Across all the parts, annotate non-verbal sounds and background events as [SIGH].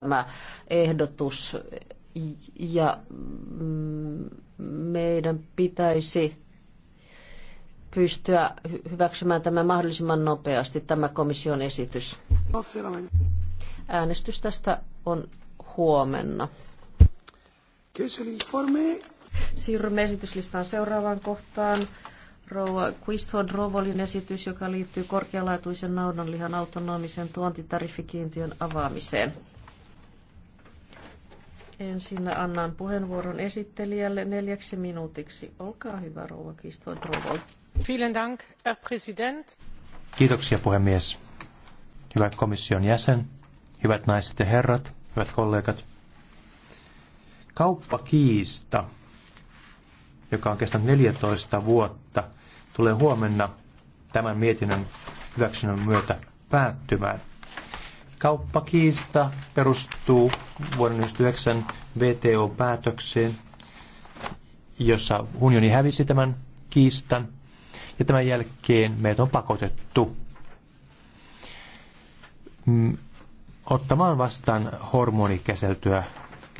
tämä ehdotus ja mm, meidän pitäisi pystyä hyväksymään tämä mahdollisimman nopeasti, tämä komission esitys. Äänestys tästä on huomenna. Siirrymme esityslistaan seuraavaan kohtaan. Rouva Quistod Rovolin esitys, joka liittyy korkealaatuisen naudanlihan autonomisen tuontitariffikiintiön avaamiseen. Ensin annan puheenvuoron esittelijälle neljäksi minuutiksi. Olkaa hyvä, rouva Kistvoit Vielen Dank, Herr Präsident. Kiitoksia, puhemies. Hyvä komission jäsen, hyvät naiset ja herrat, hyvät kollegat. Kauppakiista, joka on kestänyt 14 vuotta, tulee huomenna tämän mietinnön hyväksynnän myötä päättymään. Kauppakiista perustuu vuoden 1999 VTO-päätökseen, jossa unioni hävisi tämän kiistan, ja tämän jälkeen meidät on pakotettu mm, ottamaan vastaan hormonikäseltyä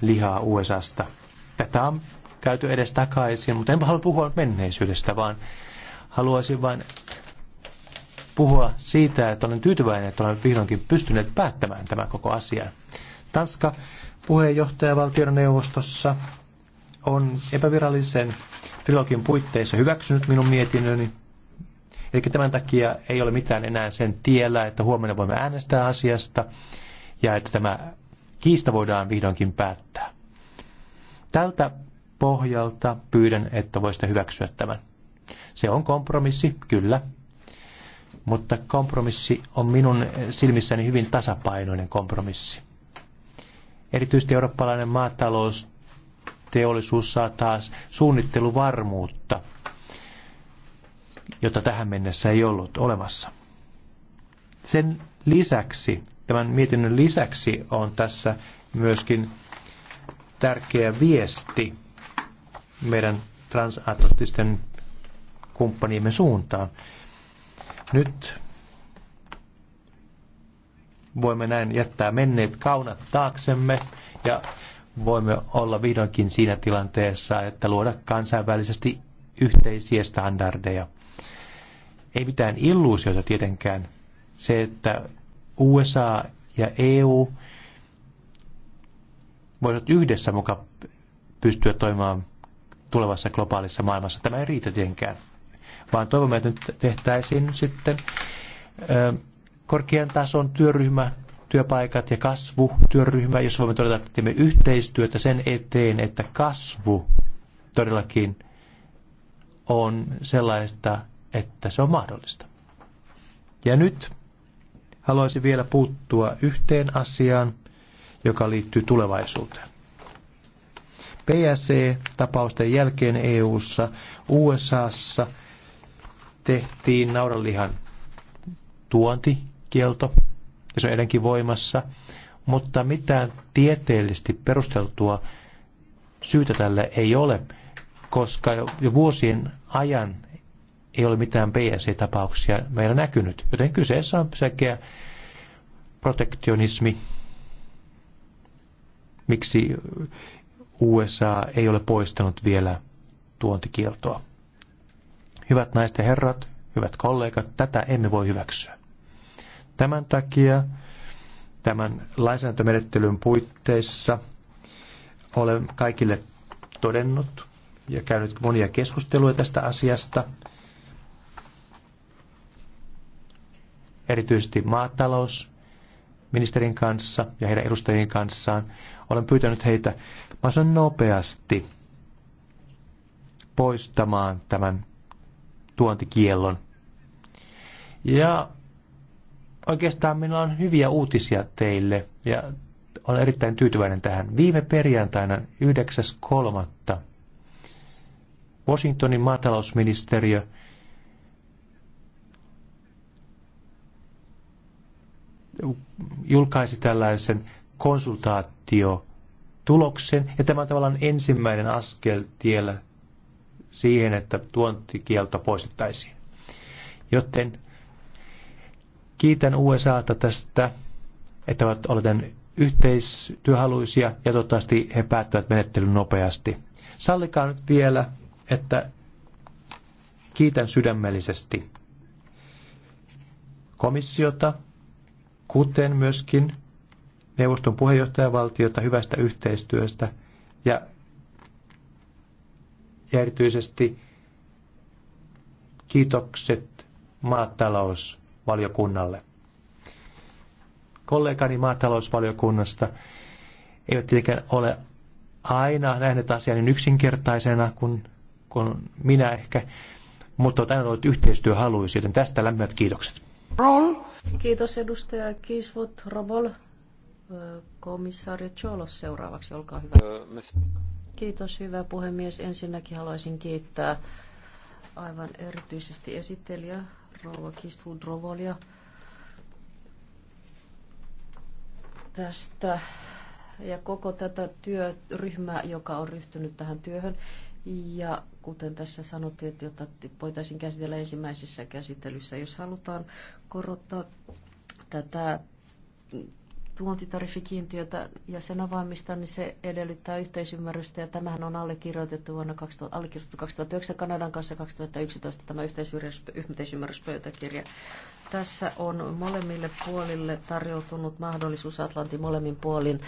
lihaa USAsta. Tätä on käyty edes takaisin, mutta en halua puhua menneisyydestä, vaan haluaisin vain puhua siitä, että olen tyytyväinen, että olemme vihdoinkin pystyneet päättämään tämän koko asian. Tanska puheenjohtajavaltion neuvostossa on epävirallisen trilogin puitteissa hyväksynyt minun mietinnöni. Eli tämän takia ei ole mitään enää sen tiellä, että huomenna voimme äänestää asiasta ja että tämä kiista voidaan vihdoinkin päättää. Tältä pohjalta pyydän, että voisitte hyväksyä tämän. Se on kompromissi, kyllä, mutta kompromissi on minun silmissäni hyvin tasapainoinen kompromissi. Erityisesti eurooppalainen maatalousteollisuus saa taas suunnitteluvarmuutta, jota tähän mennessä ei ollut olemassa. Sen lisäksi, tämän mietinnön lisäksi on tässä myöskin tärkeä viesti meidän transatlanttisten kumppaniimme suuntaan. Nyt voimme näin jättää menneet kaunat taaksemme ja voimme olla vihdoinkin siinä tilanteessa, että luoda kansainvälisesti yhteisiä standardeja. Ei mitään illuusioita tietenkään. Se, että USA ja EU voisivat yhdessä mukaan pystyä toimimaan tulevassa globaalissa maailmassa. Tämä ei riitä tietenkään vaan toivomme, että nyt tehtäisiin sitten korkean tason työryhmä, työpaikat ja kasvu työryhmä, jos voimme todeta, että teemme yhteistyötä sen eteen, että kasvu todellakin on sellaista, että se on mahdollista. Ja nyt haluaisin vielä puuttua yhteen asiaan, joka liittyy tulevaisuuteen. PSE-tapausten jälkeen EU:ssa, USA:ssa – tehtiin naudanlihan tuontikielto, ja se on edelleenkin voimassa, mutta mitään tieteellisesti perusteltua syytä tälle ei ole, koska jo vuosien ajan ei ole mitään PSC-tapauksia meillä näkynyt, joten kyseessä on sekä protektionismi, miksi USA ei ole poistanut vielä tuontikieltoa. Hyvät naisten herrat, hyvät kollegat, tätä emme voi hyväksyä. Tämän takia tämän lainsäädäntömenettelyn puitteissa olen kaikille todennut ja käynyt monia keskusteluja tästä asiasta. Erityisesti maatalous, ministerin kanssa ja heidän edustajien kanssaan. Olen pyytänyt heitä mahdollisimman nopeasti poistamaan tämän tuontikiellon. Ja oikeastaan minulla on hyviä uutisia teille ja olen erittäin tyytyväinen tähän. Viime perjantaina 9.3. Washingtonin maatalousministeriö julkaisi tällaisen konsultaatiotuloksen, ja tämä on tavallaan ensimmäinen askel tiellä siihen, että tuontikielto poistettaisiin. Joten kiitän USAta tästä, että ovat olleet yhteistyöhaluisia ja toivottavasti he päättävät menettelyn nopeasti. Sallikaa nyt vielä, että kiitän sydämellisesti komissiota, kuten myöskin neuvoston puheenjohtajavaltiota hyvästä yhteistyöstä ja ja erityisesti kiitokset maatalousvaliokunnalle. Kollegani maatalousvaliokunnasta eivät tietenkään ole aina nähneet asian niin yksinkertaisena kuin, kuin minä ehkä, mutta olet aina ollut yhteistyöhaluisi, joten tästä lämpimät kiitokset. Roll. Kiitos edustaja Kisvut Robol. Komissaari Cholos seuraavaksi, olkaa hyvä. Äh, Kiitos, hyvä puhemies. Ensinnäkin haluaisin kiittää aivan erityisesti esittelijä Rouva Kistvud Rovolia tästä ja koko tätä työryhmää, joka on ryhtynyt tähän työhön. Ja kuten tässä sanottiin, että jota voitaisiin käsitellä ensimmäisessä käsittelyssä, jos halutaan korottaa tätä tuontitariffikiintiötä ja sen avaamista, niin se edellyttää yhteisymmärrystä. Ja tämähän on allekirjoitettu vuonna 2000, allekirjoitettu 2009 Kanadan kanssa 2011 tämä yhteisymmärryspöytäkirja. Tässä on molemmille puolille tarjoutunut mahdollisuus Atlantin molemmin puolin.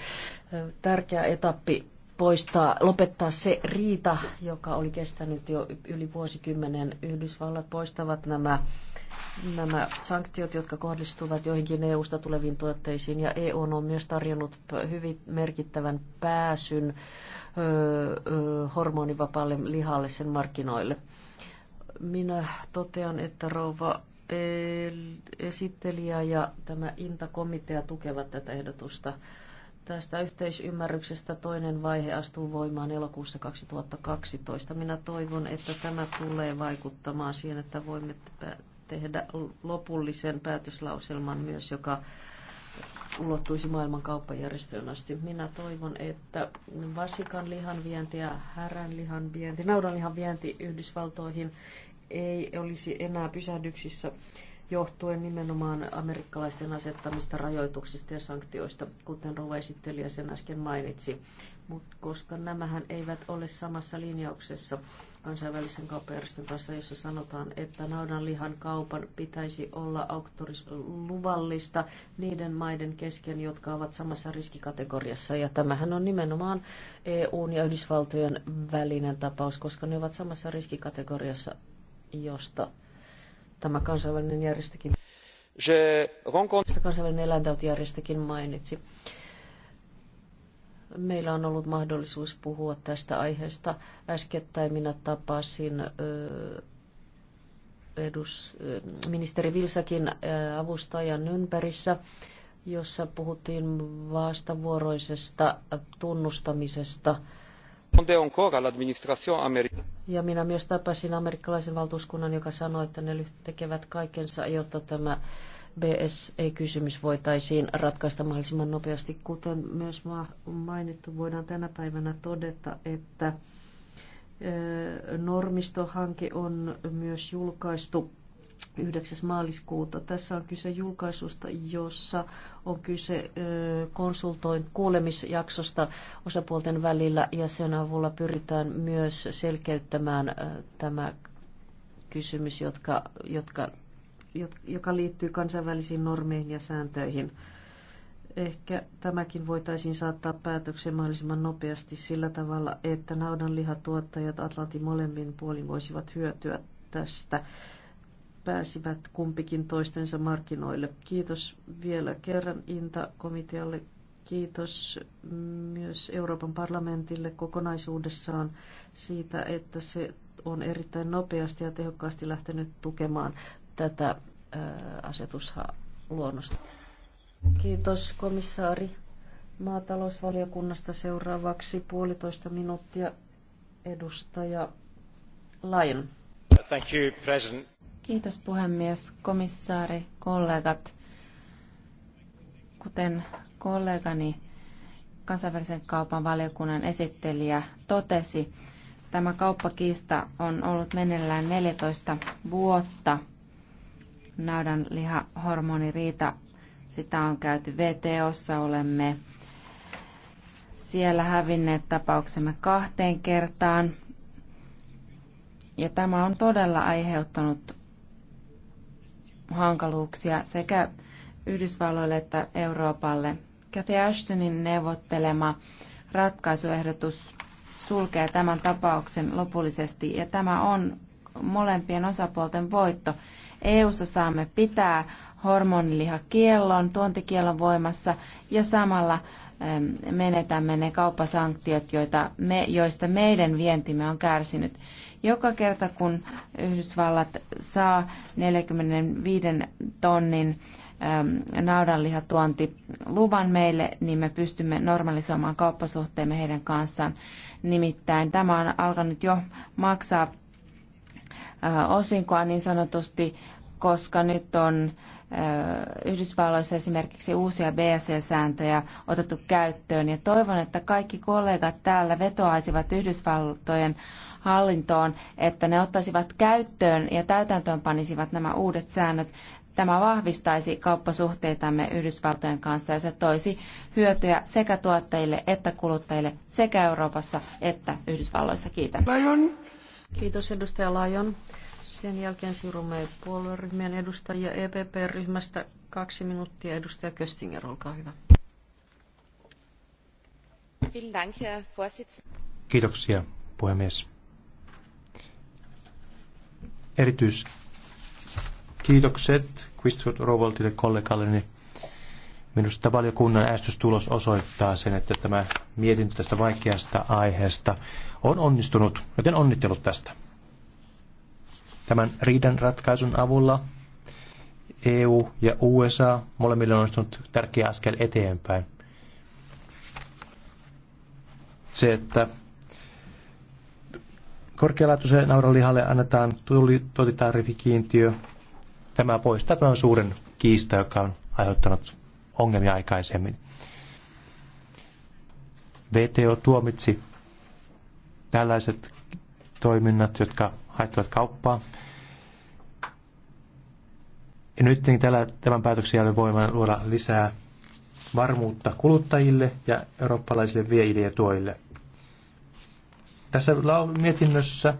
Tärkeä etappi poistaa, lopettaa se riita, joka oli kestänyt jo yli vuosikymmenen. Yhdysvallat poistavat nämä, nämä sanktiot, jotka kohdistuvat joihinkin EU-sta tuleviin tuotteisiin, ja EU on myös tarjonnut hyvin merkittävän pääsyn öö, öö, hormonivapaalle lihalle sen markkinoille. Minä totean, että rouva esittelijä ja tämä Inta-komitea tukevat tätä ehdotusta. Tästä yhteisymmärryksestä toinen vaihe astuu voimaan elokuussa 2012. Minä toivon, että tämä tulee vaikuttamaan siihen, että voimme tehdä lopullisen päätöslauselman myös, joka ulottuisi maailman kauppajärjestöön asti. Minä toivon, että vasikan lihan vienti ja härän lihan vienti, lihan vienti Yhdysvaltoihin ei olisi enää pysähdyksissä johtuen nimenomaan amerikkalaisten asettamista rajoituksista ja sanktioista, kuten Rova ja sen äsken mainitsi. Mutta koska nämähän eivät ole samassa linjauksessa kansainvälisen kauppajärjestön kanssa, jossa sanotaan, että naudanlihan kaupan pitäisi olla luvallista niiden maiden kesken, jotka ovat samassa riskikategoriassa. Ja tämähän on nimenomaan EUn ja Yhdysvaltojen välinen tapaus, koska ne ovat samassa riskikategoriassa josta tämä kansainvälinen järjestökin, kansainvälinen eläintautijärjestökin mainitsi. Meillä on ollut mahdollisuus puhua tästä aiheesta. Äskettäin minä tapasin edus, ministeri Vilsakin avustajan ympärissä, jossa puhuttiin vastavuoroisesta tunnustamisesta – ja minä myös tapasin amerikkalaisen valtuuskunnan, joka sanoi, että ne tekevät kaikensa, jotta tämä BSE-kysymys voitaisiin ratkaista mahdollisimman nopeasti. Kuten myös mainittu, voidaan tänä päivänä todeta, että normistohanke on myös julkaistu 9. maaliskuuta. Tässä on kyse julkaisusta, jossa on kyse konsultoin kuulemisjaksosta osapuolten välillä ja sen avulla pyritään myös selkeyttämään tämä kysymys, jotka, jotka, joka liittyy kansainvälisiin normeihin ja sääntöihin. Ehkä tämäkin voitaisiin saattaa päätökseen mahdollisimman nopeasti sillä tavalla, että naudanlihatuottajat Atlantin molemmin puolin voisivat hyötyä tästä pääsivät kumpikin toistensa markkinoille. Kiitos vielä kerran Inta-komitealle. Kiitos myös Euroopan parlamentille kokonaisuudessaan siitä, että se on erittäin nopeasti ja tehokkaasti lähtenyt tukemaan tätä asetusluonnosta. Kiitos komissaari maatalousvaliokunnasta seuraavaksi puolitoista minuuttia edustaja Lyon. Thank you, President. Kiitos puhemies, komissaari, kollegat. Kuten kollegani kansainvälisen kaupan valiokunnan esittelijä totesi, tämä kauppakiista on ollut meneillään 14 vuotta. Naudan Naudanlihahormoniriita, sitä on käyty VTOssa, olemme siellä hävinneet tapauksemme kahteen kertaan. Ja tämä on todella aiheuttanut hankaluuksia sekä Yhdysvalloille että Euroopalle. Kathy Ashtonin neuvottelema ratkaisuehdotus sulkee tämän tapauksen lopullisesti ja tämä on molempien osapuolten voitto. EU:ssa saamme pitää hormonilihakiellon, tuontikiellon voimassa ja samalla menetämme ne kauppasanktiot, joita me, joista meidän vientimme on kärsinyt. Joka kerta kun Yhdysvallat saa 45 tonnin luvan meille, niin me pystymme normalisoimaan kauppasuhteemme heidän kanssaan. Nimittäin tämä on alkanut jo maksaa osinkoa niin sanotusti, koska nyt on Yhdysvalloissa esimerkiksi uusia BSE-sääntöjä otettu käyttöön ja toivon, että kaikki kollegat täällä vetoaisivat Yhdysvaltojen hallintoon, että ne ottaisivat käyttöön ja täytäntöön panisivat nämä uudet säännöt. Tämä vahvistaisi kauppasuhteitamme Yhdysvaltojen kanssa ja se toisi hyötyjä sekä tuottajille että kuluttajille sekä Euroopassa että Yhdysvalloissa. Kiitän. Lion. Kiitos edustaja Lajon. Sen jälkeen siirrymme puolueryhmien edustajia EPP-ryhmästä. Kaksi minuuttia. Edustaja Köstinger, olkaa hyvä. Kiitoksia, puhemies. Erityis kiitokset Quistford Rovoltille kollegalleni. Minusta valiokunnan äästystulos osoittaa sen, että tämä mietintö tästä vaikeasta aiheesta on onnistunut, joten onnittelut tästä. Tämän riidan ratkaisun avulla EU ja USA molemmille on onnistunut tärkeä askel eteenpäin. Se, että korkealaatuiseen naudanlihalle annetaan tuotitarifikiintiö, tämä poistaa tämän suuren kiista, joka on aiheuttanut ongelmia aikaisemmin. VTO tuomitsi tällaiset toiminnat, jotka haittavat kauppaa. Ja nyt niin tällä, tämän päätöksen jälkeen voimme luoda lisää varmuutta kuluttajille ja eurooppalaisille viejille ja tuojille. Tässä mietinnössä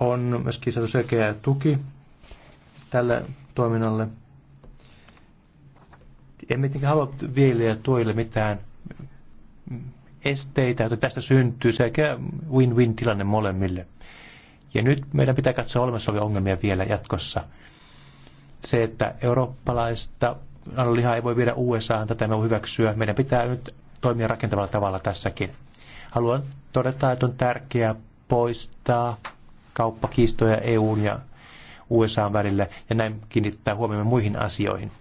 on myöskin saatu selkeä tuki tälle toiminnalle. Emme tietenkään halua viejille ja tuojille mitään esteitä, että tästä syntyy selkeä win-win tilanne molemmille. Ja nyt meidän pitää katsoa olemassa olevia ongelmia vielä jatkossa. Se, että eurooppalaista lihaa ei voi viedä USAan, tätä me voi hyväksyä. Meidän pitää nyt toimia rakentavalla tavalla tässäkin. Haluan todeta, että on tärkeää poistaa kauppakiistoja EUn ja USAn välillä ja näin kiinnittää huomioon muihin asioihin.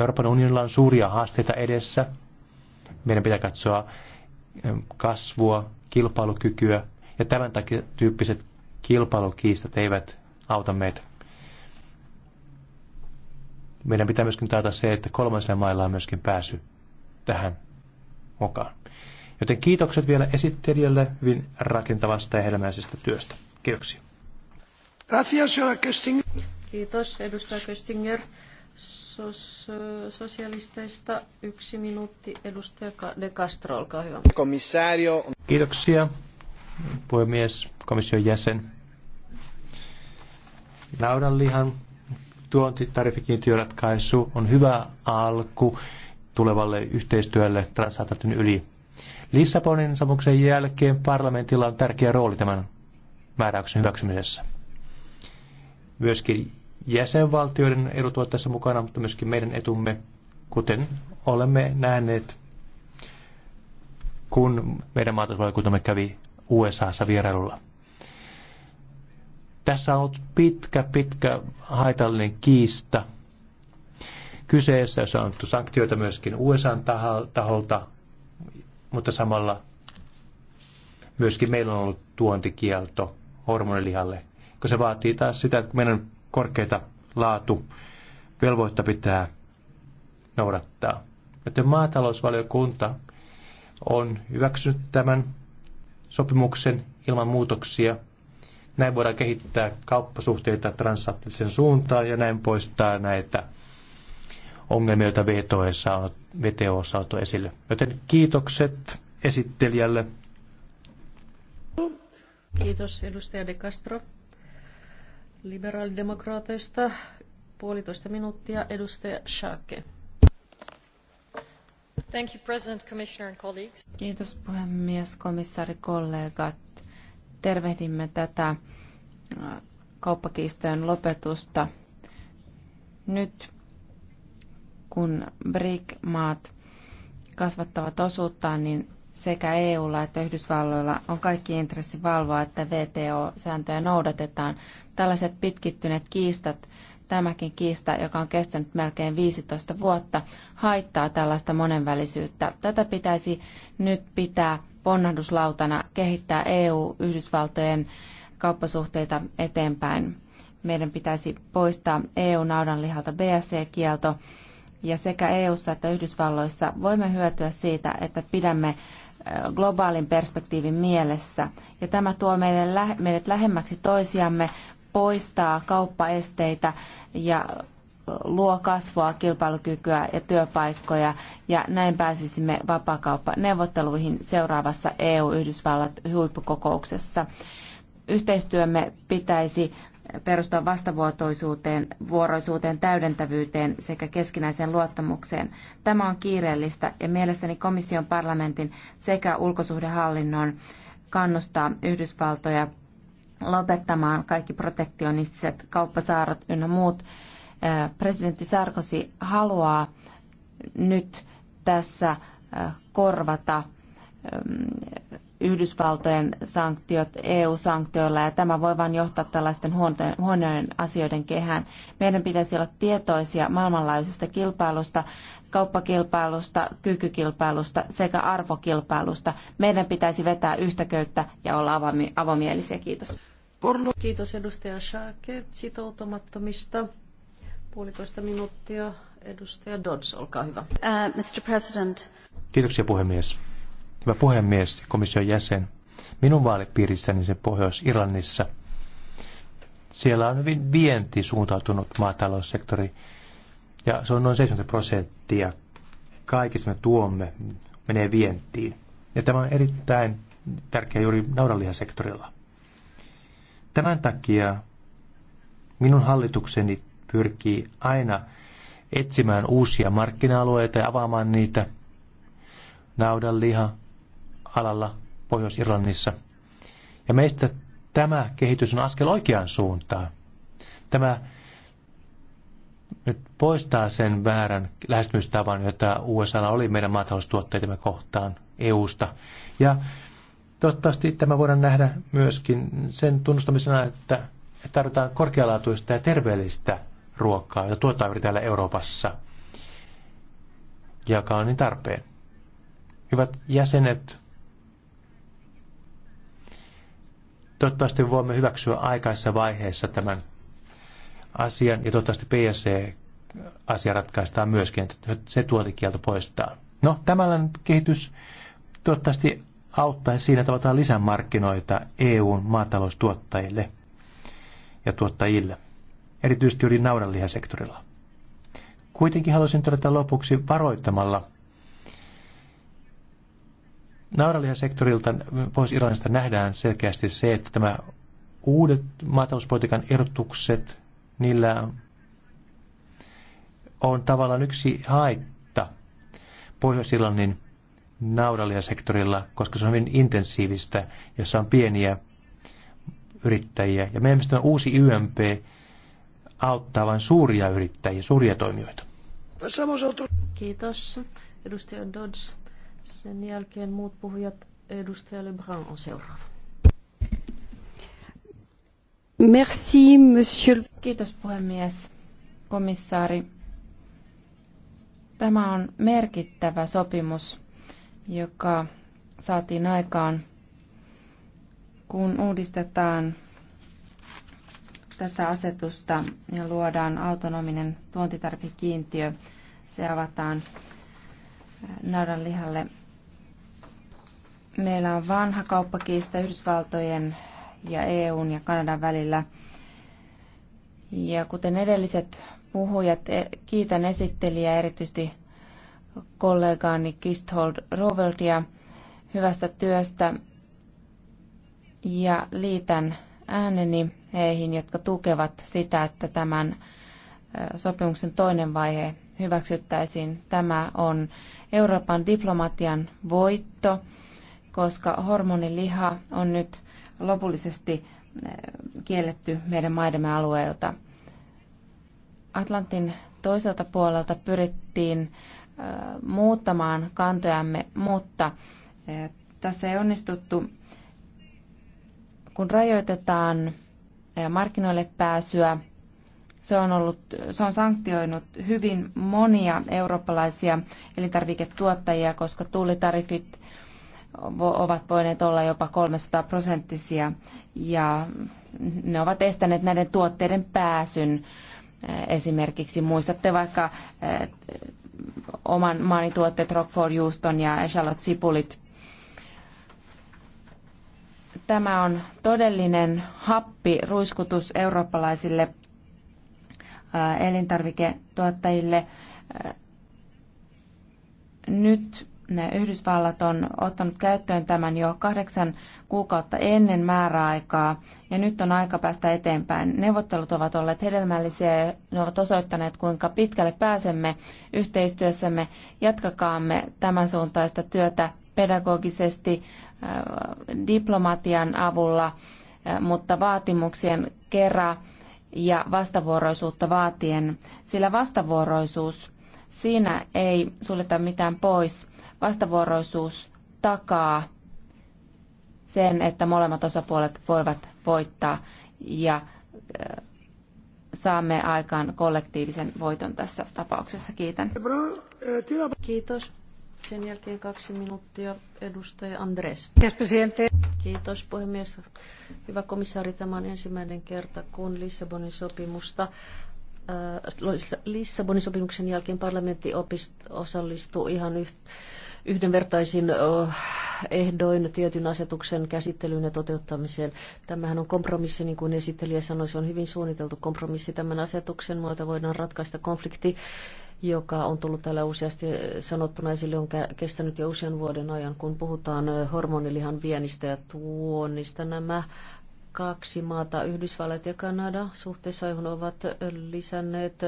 Euroopan unionilla on suuria haasteita edessä. Meidän pitää katsoa kasvua, kilpailukykyä ja tämän takia tyyppiset kilpailukiistat eivät auta meitä. Meidän pitää myöskin taata se, että kolmansilla mailla on myöskin pääsy tähän mukaan. Joten kiitokset vielä esittelijälle hyvin rakentavasta ja helmäisestä työstä. Kiitoksia. Kiitos, edustaja Köstinger. Sos, sosialisteista yksi minuutti. Edustaja De Castro, olkaa hyvä. Komissario. Kiitoksia, puhemies, komission jäsen naudanlihan tuontitarifikiintiöratkaisu on hyvä alku tulevalle yhteistyölle transatlantin yli. Lissabonin sopimuksen jälkeen parlamentilla on tärkeä rooli tämän määräyksen hyväksymisessä. Myöskin jäsenvaltioiden edut ovat tässä mukana, mutta myöskin meidän etumme, kuten olemme nähneet, kun meidän maatalousvaliokuntamme kävi USAssa vierailulla. Tässä on ollut pitkä, pitkä haitallinen kiista. Kyseessä on annettu sanktioita myöskin USA taholta, mutta samalla myöskin meillä on ollut tuontikielto hormonilihalle, koska se vaatii taas sitä, että meidän korkeita laatu velvoitta pitää noudattaa. Joten maatalousvaliokunta on hyväksynyt tämän sopimuksen ilman muutoksia – näin voidaan kehittää kauppasuhteita transatlanttisen suuntaan ja näin poistaa näitä ongelmia, joita VTOssa on, VTO on esille. Joten kiitokset esittelijälle. Kiitos edustaja De Castro. Liberaalidemokraateista puolitoista minuuttia edustaja Schake. Thank you, President, Commissioner and colleagues. Kiitos puhemies, komissaari, kollegat tervehdimme tätä äh, kauppakiistojen lopetusta nyt, kun BRIC-maat kasvattavat osuuttaan, niin sekä EUlla että Yhdysvalloilla on kaikki intressi valvoa, että VTO-sääntöjä noudatetaan. Tällaiset pitkittyneet kiistat, tämäkin kiista, joka on kestänyt melkein 15 vuotta, haittaa tällaista monenvälisyyttä. Tätä pitäisi nyt pitää ponnahduslautana kehittää EU-Yhdysvaltojen kauppasuhteita eteenpäin. Meidän pitäisi poistaa EU-naudanlihalta BSC-kielto ja sekä EU:ssa että Yhdysvalloissa voimme hyötyä siitä, että pidämme globaalin perspektiivin mielessä. Ja tämä tuo meidät lähemmäksi toisiamme, poistaa kauppaesteitä ja luo kasvua, kilpailukykyä ja työpaikkoja, ja näin pääsisimme vapaakauppaneuvotteluihin seuraavassa EU-Yhdysvallat huippukokouksessa. Yhteistyömme pitäisi perustua vastavuotoisuuteen, vuoroisuuteen, täydentävyyteen sekä keskinäiseen luottamukseen. Tämä on kiireellistä ja mielestäni komission parlamentin sekä ulkosuhdehallinnon kannustaa Yhdysvaltoja lopettamaan kaikki protektionistiset kauppasaarot ynnä muut presidentti Sarkozy haluaa nyt tässä korvata Yhdysvaltojen sanktiot EU-sanktioilla ja tämä voi vain johtaa tällaisten huonojen asioiden kehään. Meidän pitäisi olla tietoisia maailmanlaajuisesta kilpailusta, kauppakilpailusta, kykykilpailusta sekä arvokilpailusta. Meidän pitäisi vetää yhtä köyttä ja olla avomielisiä. Kiitos. Kiitos edustaja Schake sitoutumattomista. Puolitoista minuuttia. Edustaja Dodds, olkaa hyvä. Uh, Mr. President. Kiitoksia puhemies. Hyvä puhemies, komission jäsen. Minun vaalipiirissäni se Pohjois-Irlannissa. Siellä on hyvin vienti suuntautunut maataloussektori. Ja se on noin 70 prosenttia kaikista me tuomme menee vientiin. Ja tämä on erittäin tärkeä juuri naudanlihasektorilla. Tämän takia minun hallitukseni pyrkii aina etsimään uusia markkina-alueita ja avaamaan niitä naudanliha alalla Pohjois-Irlannissa. Ja meistä tämä kehitys on askel oikeaan suuntaan. Tämä nyt poistaa sen väärän lähestymistavan, jota USA oli meidän maataloustuotteitamme kohtaan EUsta. Ja toivottavasti tämä voidaan nähdä myöskin sen tunnustamisena, että tarvitaan korkealaatuista ja terveellistä ruokaa, jota tuotetaan juuri täällä Euroopassa, ja on niin tarpeen. Hyvät jäsenet, toivottavasti voimme hyväksyä aikaisessa vaiheessa tämän asian ja toivottavasti PSC-asia ratkaistaan myöskin, että se tuotekielto poistetaan. No, tämän kehitys toivottavasti auttaa siinä, että lisämarkkinoita EUn maataloustuottajille ja tuottajille erityisesti juuri naudanlihasektorilla. Kuitenkin haluaisin todeta lopuksi varoittamalla naudanlihasektorilta Pohjois-Irlannista nähdään selkeästi se, että tämä uudet maatalouspolitiikan erotukset, niillä on tavallaan yksi haitta Pohjois-Irlannin naudalia-sektorilla, koska se on hyvin intensiivistä, jossa on pieniä yrittäjiä. Ja meidän mielestä uusi YMP auttaa vain suuria yrittäjiä, suuria toimijoita. Kiitos. Edustaja Dodds. Sen jälkeen muut puhujat. Edustaja Lebrun on seuraava. Merci, monsieur. Kiitos puhemies, komissaari. Tämä on merkittävä sopimus, joka saatiin aikaan, kun uudistetaan tätä asetusta ja luodaan autonominen tuontitarvikiintiö. Se avataan äh, lihalle Meillä on vanha kauppakiista Yhdysvaltojen ja EUn ja Kanadan välillä. Ja kuten edelliset puhujat, e, kiitän esittelijää erityisesti kollegaani Kisthold Roveltia hyvästä työstä ja liitän ääneni heihin, jotka tukevat sitä, että tämän sopimuksen toinen vaihe hyväksyttäisiin. Tämä on Euroopan diplomatian voitto, koska hormoniliha on nyt lopullisesti kielletty meidän maidemme alueelta. Atlantin toiselta puolelta pyrittiin muuttamaan kantojamme, mutta tässä ei onnistuttu. Kun rajoitetaan markkinoille pääsyä. Se on, ollut, se on sanktioinut hyvin monia eurooppalaisia elintarviketuottajia, koska tullitarifit ovat voineet olla jopa 300 prosenttisia ja ne ovat estäneet näiden tuotteiden pääsyn eh, esimerkiksi. Muistatte vaikka eh, oman maanituotteet tuotteet Rockford Houston ja Charlotte Sipulit Tämä on todellinen happiruiskutus eurooppalaisille äh, elintarviketuottajille. Äh, nyt Yhdysvallat on ottanut käyttöön tämän jo kahdeksan kuukautta ennen määräaikaa ja nyt on aika päästä eteenpäin. Neuvottelut ovat olleet hedelmällisiä ja ne ovat osoittaneet, kuinka pitkälle pääsemme yhteistyössämme. Jatkakaamme tämän suuntaista työtä pedagogisesti äh, diplomatian avulla, äh, mutta vaatimuksien kera ja vastavuoroisuutta vaatien, sillä vastavuoroisuus, siinä ei suljeta mitään pois. Vastavuoroisuus takaa sen, että molemmat osapuolet voivat voittaa ja äh, saamme aikaan kollektiivisen voiton tässä tapauksessa. Kiitän. Kiitos. Sen jälkeen kaksi minuuttia edustaja Andres. Kiitos puhemies. Hyvä komissaari, tämä on ensimmäinen kerta, kun Lissabonin sopimusta äh, Lissabonin sopimuksen jälkeen parlamentti osallistuu ihan yhdenvertaisin ehdoin tietyn asetuksen käsittelyyn ja toteuttamiseen. Tämähän on kompromissi, niin kuin esittelijä sanoi, se on hyvin suunniteltu kompromissi. Tämän asetuksen muuta voidaan ratkaista konflikti joka on tullut täällä useasti sanottuna esille, on kestänyt jo usean vuoden ajan, kun puhutaan hormonilihan vienistä ja tuonnista. Nämä kaksi maata, Yhdysvallat ja Kanada, suhteessa johon ovat lisänneet,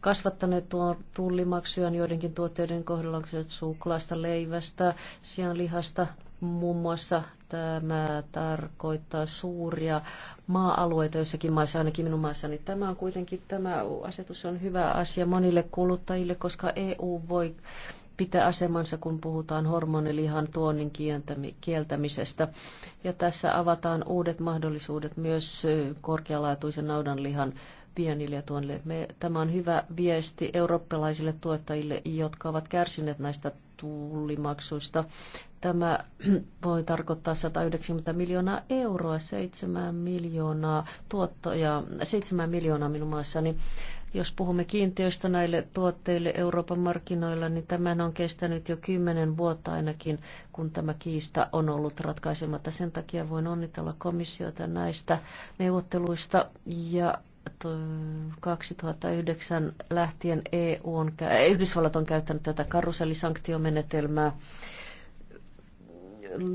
kasvattaneet tuo tullimaksuja joidenkin tuotteiden kohdalla, suklaasta, leivästä, sianlihasta, Muun muassa tämä tarkoittaa suuria maa-alueita joissakin maissa, ainakin minun maassani. Tämä on kuitenkin, tämä asetus on hyvä asia monille kuluttajille, koska EU voi pitää asemansa, kun puhutaan hormonilihan tuonnin kieltämisestä. Ja tässä avataan uudet mahdollisuudet myös korkealaatuisen naudanlihan pienille tuonille. Me, tämä on hyvä viesti eurooppalaisille tuottajille, jotka ovat kärsineet näistä tullimaksuista. Tämä [CLEARS THROAT] voi tarkoittaa 190 miljoonaa euroa, 7 miljoonaa tuottoja, 7 miljoonaa minun maassani. Jos puhumme kiintiöistä näille tuotteille Euroopan markkinoilla, niin tämän on kestänyt jo kymmenen vuotta ainakin, kun tämä kiista on ollut ratkaisematta. Sen takia voin onnitella komissiota näistä neuvotteluista ja 2009 lähtien EU on, Yhdysvallat on käyttänyt tätä karusellisanktiomenetelmää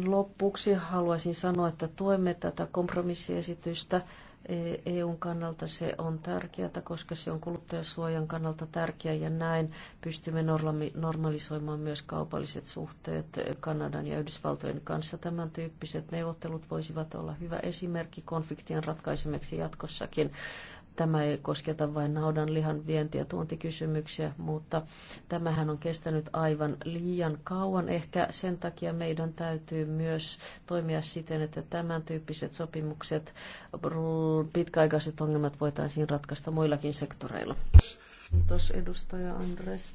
Lopuksi haluaisin sanoa, että tuemme tätä kompromissiesitystä. EUn e kannalta se on tärkeää, koska se on kuluttajasuojan kannalta tärkeää ja näin pystymme normalisoimaan myös kaupalliset suhteet Kanadan ja Yhdysvaltojen kanssa. Tämän tyyppiset neuvottelut voisivat olla hyvä esimerkki konfliktien ratkaisemiseksi jatkossakin tämä ei kosketa vain lihan vienti- ja tuontikysymyksiä, mutta tämähän on kestänyt aivan liian kauan. Ehkä sen takia meidän täytyy myös toimia siten, että tämän tyyppiset sopimukset, pitkäaikaiset ongelmat voitaisiin ratkaista muillakin sektoreilla. Kiitos edustaja Andres.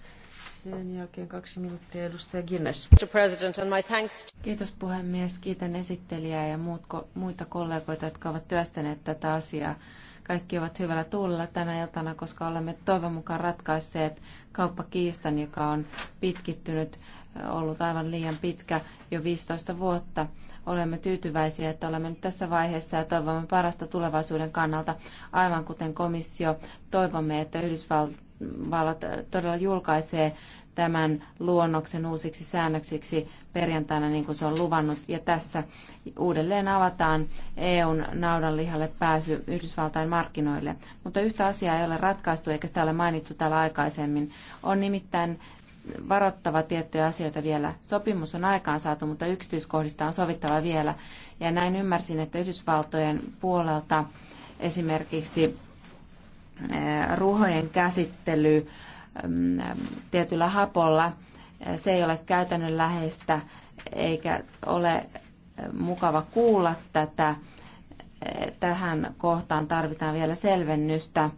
Sen jälkeen kaksi minuuttia edustaja Guinness. Kiitos puhemies. Kiitän esittelijää ja muita kollegoita, jotka ovat työstäneet tätä asiaa kaikki ovat hyvällä tuulella tänä iltana, koska olemme toivon mukaan ratkaisseet kauppakiistan, joka on pitkittynyt, ollut aivan liian pitkä jo 15 vuotta. Olemme tyytyväisiä, että olemme nyt tässä vaiheessa ja toivomme parasta tulevaisuuden kannalta, aivan kuten komissio. Toivomme, että Yhdysvallat todella julkaisee tämän luonnoksen uusiksi säännöksiksi perjantaina, niin kuin se on luvannut. Ja tässä uudelleen avataan EUn naudanlihalle pääsy Yhdysvaltain markkinoille. Mutta yhtä asiaa ei ole ratkaistu, eikä sitä ole mainittu täällä aikaisemmin. On nimittäin varoittava tiettyjä asioita vielä. Sopimus on aikaan saatu, mutta yksityiskohdista on sovittava vielä. Ja näin ymmärsin, että Yhdysvaltojen puolelta esimerkiksi eh, ruhojen käsittely tietyllä hapolla. Se ei ole käytännönläheistä eikä ole mukava kuulla tätä. Tähän kohtaan tarvitaan vielä selvennystä.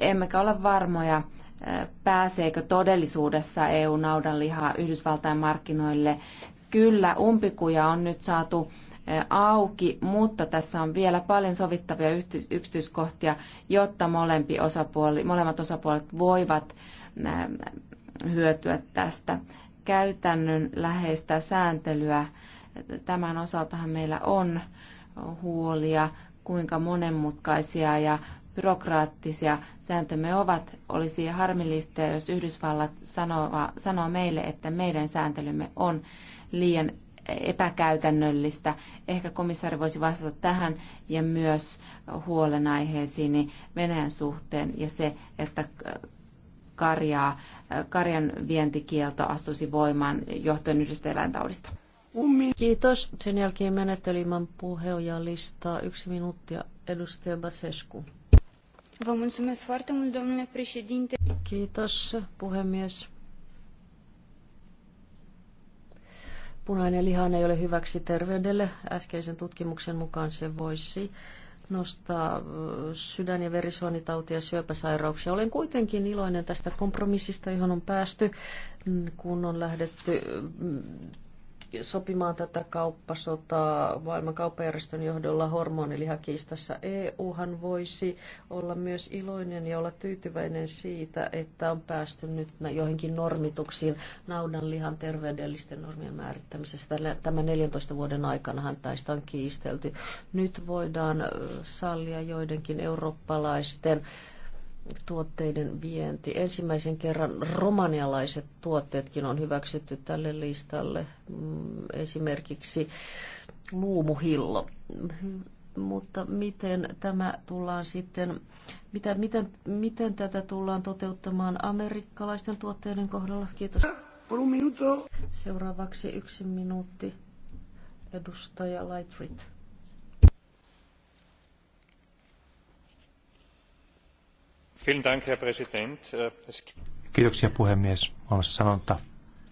Emmekä ole varmoja, pääseekö todellisuudessa EU-naudanlihaa Yhdysvaltain markkinoille. Kyllä, umpikuja on nyt saatu auki, mutta tässä on vielä paljon sovittavia yksityiskohtia, jotta molempi osapuoli, molemmat osapuolet voivat hyötyä tästä käytännön läheistä sääntelyä. Tämän osaltahan meillä on huolia, kuinka monenmutkaisia ja byrokraattisia sääntömme ovat, olisi harmillista, jos Yhdysvallat sanoo, sanoo meille, että meidän sääntelymme on liian epäkäytännöllistä. Ehkä komissaari voisi vastata tähän ja myös huolenaiheisiin niin Venäjän suhteen ja se, että karjaa, karjan vientikielto astuisi voimaan johtuen yhdestä eläintaudista. Kiitos. Sen jälkeen menetelmän puheenjohtajalistaa. Yksi minuuttia. Edustaja Basescu. Vă mulțumesc foarte mult, domnule președinte. Kiitos, puhemies. Punainen lihan ei ole hyväksi terveydelle. Äskeisen tutkimuksen mukaan se voisi nostaa sydän- ja verisuonitautia ja syöpäsairauksia. Olen kuitenkin iloinen tästä kompromissista, johon on päästy, kun on lähdetty mm, sopimaan tätä kauppasotaa maailman kauppajärjestön johdolla hormonilihakiistassa. EUhan voisi olla myös iloinen ja olla tyytyväinen siitä, että on päästy nyt joihinkin normituksiin naudanlihan terveydellisten normien määrittämisessä. Tämä 14 vuoden aikana tästä on kiistelty. Nyt voidaan sallia joidenkin eurooppalaisten tuotteiden vienti. Ensimmäisen kerran romanialaiset tuotteetkin on hyväksytty tälle listalle, mm, esimerkiksi luumuhillo. Mutta miten tämä tullaan sitten, mitä, miten, miten tätä tullaan toteuttamaan amerikkalaisten tuotteiden kohdalla? Kiitos. Seuraavaksi yksi minuutti. Edustaja Lightrit. Äh, Kiitoksia puhemies. On sanonta,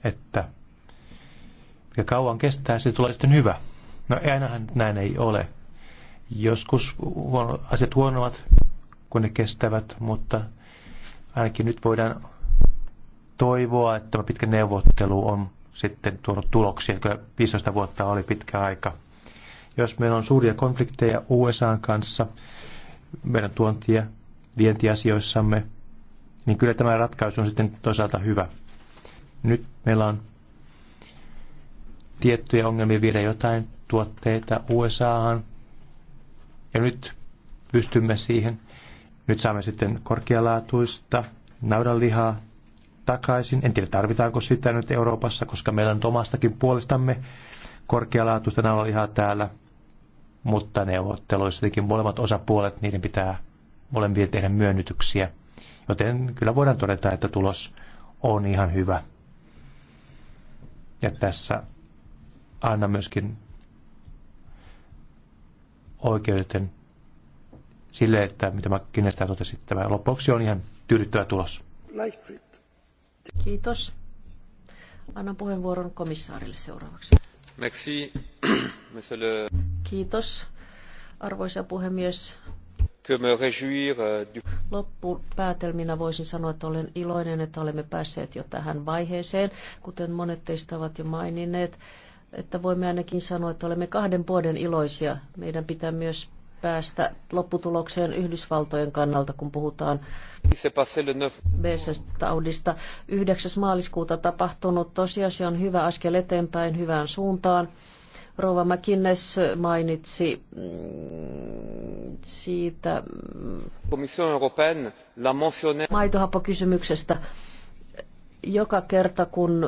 että mikä kauan kestää, se tulee sitten hyvä. No ainahan näin ei ole. Joskus huono, asiat huonomat, kun ne kestävät, mutta ainakin nyt voidaan toivoa, että tämä pitkä neuvottelu on sitten tuonut tuloksia. Kyllä 15 vuotta oli pitkä aika. Jos meillä on suuria konflikteja USAn kanssa, meidän tuontia vientiasioissamme, niin kyllä tämä ratkaisu on sitten toisaalta hyvä. Nyt meillä on tiettyjä ongelmia viedä jotain tuotteita USAhan, ja nyt pystymme siihen. Nyt saamme sitten korkealaatuista naudanlihaa takaisin. En tiedä, tarvitaanko sitä nyt Euroopassa, koska meillä on omastakin puolestamme korkealaatuista naudanlihaa täällä. Mutta neuvotteluissa tietenkin molemmat osapuolet, niiden pitää molempien tehdä myönnytyksiä. Joten kyllä voidaan todeta, että tulos on ihan hyvä. Ja tässä anna myöskin oikeuden sille, että mitä mä kenestään totesin, tämä lopuksi on ihan tyydyttävä tulos. Kiitos. Annan puheenvuoron komissaarille seuraavaksi. Merci. Kiitos, arvoisa puhemies. Euh, Loppupäätelminä voisin sanoa, että olen iloinen, että olemme päässeet jo tähän vaiheeseen, kuten monet teistä ovat jo maininneet, että voimme ainakin sanoa, että olemme kahden vuoden iloisia. Meidän pitää myös päästä lopputulokseen Yhdysvaltojen kannalta, kun puhutaan BSS-taudista. 9. maaliskuuta tapahtunut tosiasia on hyvä askel eteenpäin hyvään suuntaan. Rova McInnes mainitsi mm, siitä mm, maitohappokysymyksestä joka kerta, kun,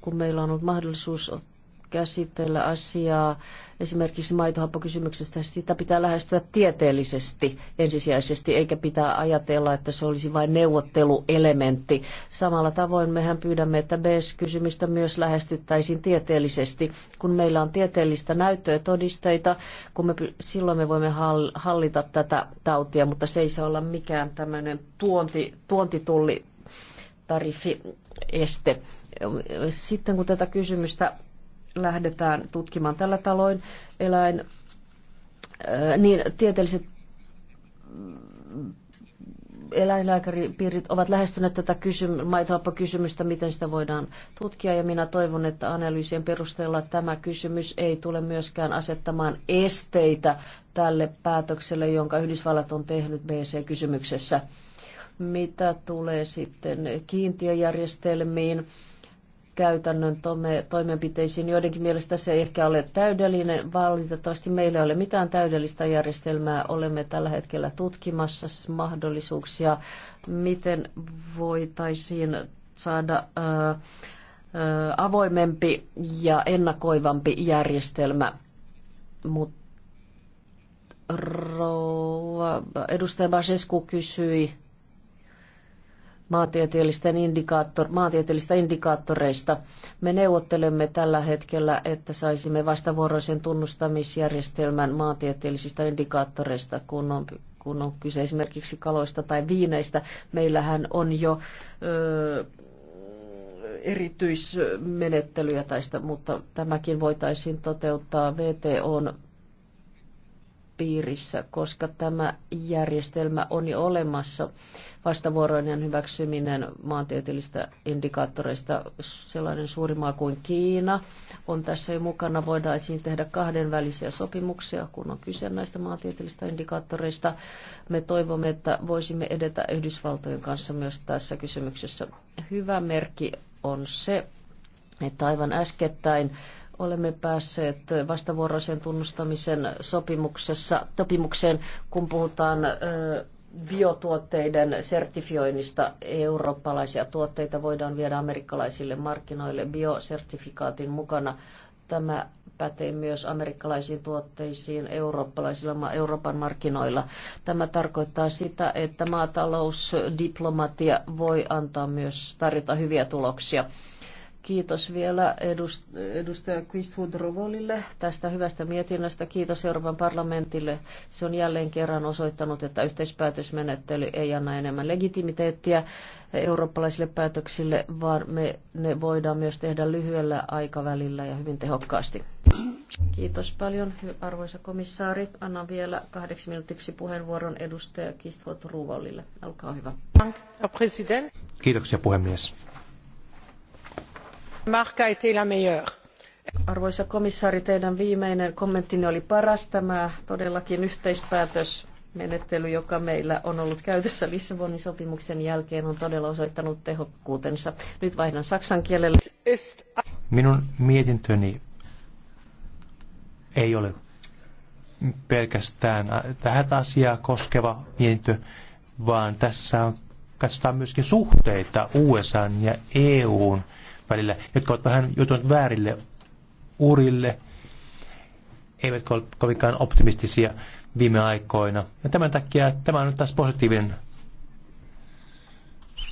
kun meillä on ollut mahdollisuus käsitellä asiaa esimerkiksi maitohappokysymyksestä, sitä pitää lähestyä tieteellisesti ensisijaisesti, eikä pitää ajatella, että se olisi vain neuvotteluelementti. Samalla tavoin mehän pyydämme, että bes kysymystä myös lähestyttäisiin tieteellisesti. Kun meillä on tieteellistä näyttöä ja todisteita, kun me, silloin me voimme hallita tätä tautia, mutta se ei saa olla mikään tämmöinen tuonti, tuontitulli tariffieste. Sitten kun tätä kysymystä lähdetään tutkimaan tällä taloin eläin, niin tieteelliset eläinlääkäripiirit ovat lähestyneet tätä kysym- maitohappokysymystä, miten sitä voidaan tutkia, ja minä toivon, että analyysien perusteella tämä kysymys ei tule myöskään asettamaan esteitä tälle päätökselle, jonka Yhdysvallat on tehnyt BC-kysymyksessä. Mitä tulee sitten kiintiöjärjestelmiin, käytännön toimenpiteisiin. Joidenkin mielestä se ei ehkä ole täydellinen. Valitettavasti meillä ei ole mitään täydellistä järjestelmää. Olemme tällä hetkellä tutkimassa mahdollisuuksia, miten voitaisiin saada avoimempi ja ennakoivampi järjestelmä. Mutta edustaja Basescu kysyi indikaattor, maantieteellistä indikaattoreista. Me neuvottelemme tällä hetkellä, että saisimme vastavuoroisen tunnustamisjärjestelmän maantieteellisistä indikaattoreista, kun on, kun on kyse esimerkiksi kaloista tai viineistä. Meillähän on jo ö, erityismenettelyjä tästä, mutta tämäkin voitaisiin toteuttaa VTOn piirissä, koska tämä järjestelmä on jo olemassa. Vastavuoroinen hyväksyminen maantieteellistä indikaattoreista, sellainen suuri maa kuin Kiina, on tässä jo mukana. Voidaan tehdä kahdenvälisiä sopimuksia, kun on kyse näistä maantieteellistä indikaattoreista. Me toivomme, että voisimme edetä Yhdysvaltojen kanssa myös tässä kysymyksessä. Hyvä merkki on se, että aivan äskettäin olemme päässeet vastavuoroisen tunnustamisen sopimuksessa, sopimukseen, kun puhutaan biotuotteiden sertifioinnista. Eurooppalaisia tuotteita voidaan viedä amerikkalaisille markkinoille biosertifikaatin mukana. Tämä pätee myös amerikkalaisiin tuotteisiin eurooppalaisilla Euroopan markkinoilla. Tämä tarkoittaa sitä, että maatalousdiplomatia voi antaa myös tarjota hyviä tuloksia. Kiitos vielä edustaja Quistwood Rovolille tästä hyvästä mietinnöstä. Kiitos Euroopan parlamentille. Se on jälleen kerran osoittanut, että yhteispäätösmenettely ei anna enemmän legitimiteettiä eurooppalaisille päätöksille, vaan me, ne voidaan myös tehdä lyhyellä aikavälillä ja hyvin tehokkaasti. Kiitos paljon, arvoisa komissaari. Annan vielä kahdeksi minuutiksi puheenvuoron edustaja Kistvot Rovolille. Olkaa hyvä. Kiitoksia puhemies Arvoisa komissaari, teidän viimeinen kommenttinne oli paras tämä todellakin yhteispäätösmenettely, joka meillä on ollut käytössä Lissabonin sopimuksen jälkeen, on todella osoittanut tehokkuutensa. Nyt vaihdan saksan kielelle. Minun mietintöni ei ole pelkästään tähän asiaa koskeva mietintö, vaan tässä on, katsotaan myöskin suhteita USA ja EUn välillä, jotka ovat vähän joutuneet väärille urille, eivätkä ole kovinkaan optimistisia viime aikoina. Ja tämän takia tämä on nyt taas positiivinen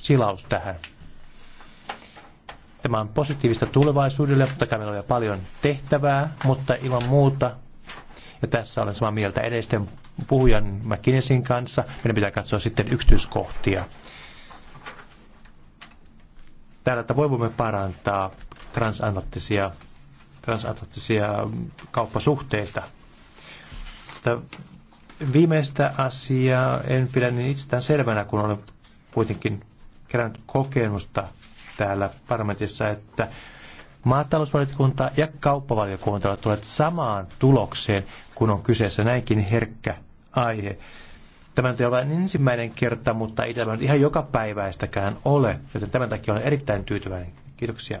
silaus tähän. Tämä on positiivista tulevaisuudelle, mutta meillä on vielä paljon tehtävää, mutta ilman muuta, ja tässä olen samaa mieltä edellisten puhujan McKinseyin kanssa, meidän pitää katsoa sitten yksityiskohtia täällä, että voimme parantaa transatlanttisia, transatlanttisia kauppasuhteita. Mutta viimeistä asiaa en pidä niin itsestään selvänä, kun olen kuitenkin kerännyt kokemusta täällä parlamentissa, että maatalousvaliokunta ja kauppavaliokunta ovat tulleet samaan tulokseen, kun on kyseessä näinkin herkkä aihe. Tämä nyt ei ole ensimmäinen kerta, mutta ei tämä ihan joka päiväistäkään ole, joten tämän takia olen erittäin tyytyväinen. Kiitoksia.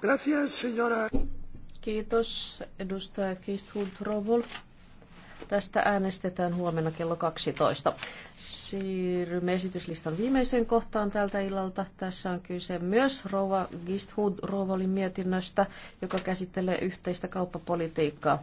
Gracias, señora. Kiitos, edustaja Kisthund Rovol. Tästä äänestetään huomenna kello 12. Siirrymme esityslistan viimeiseen kohtaan tältä illalta. Tässä on kyse myös Rova Gisthud Rovolin mietinnöstä, joka käsittelee yhteistä kauppapolitiikkaa.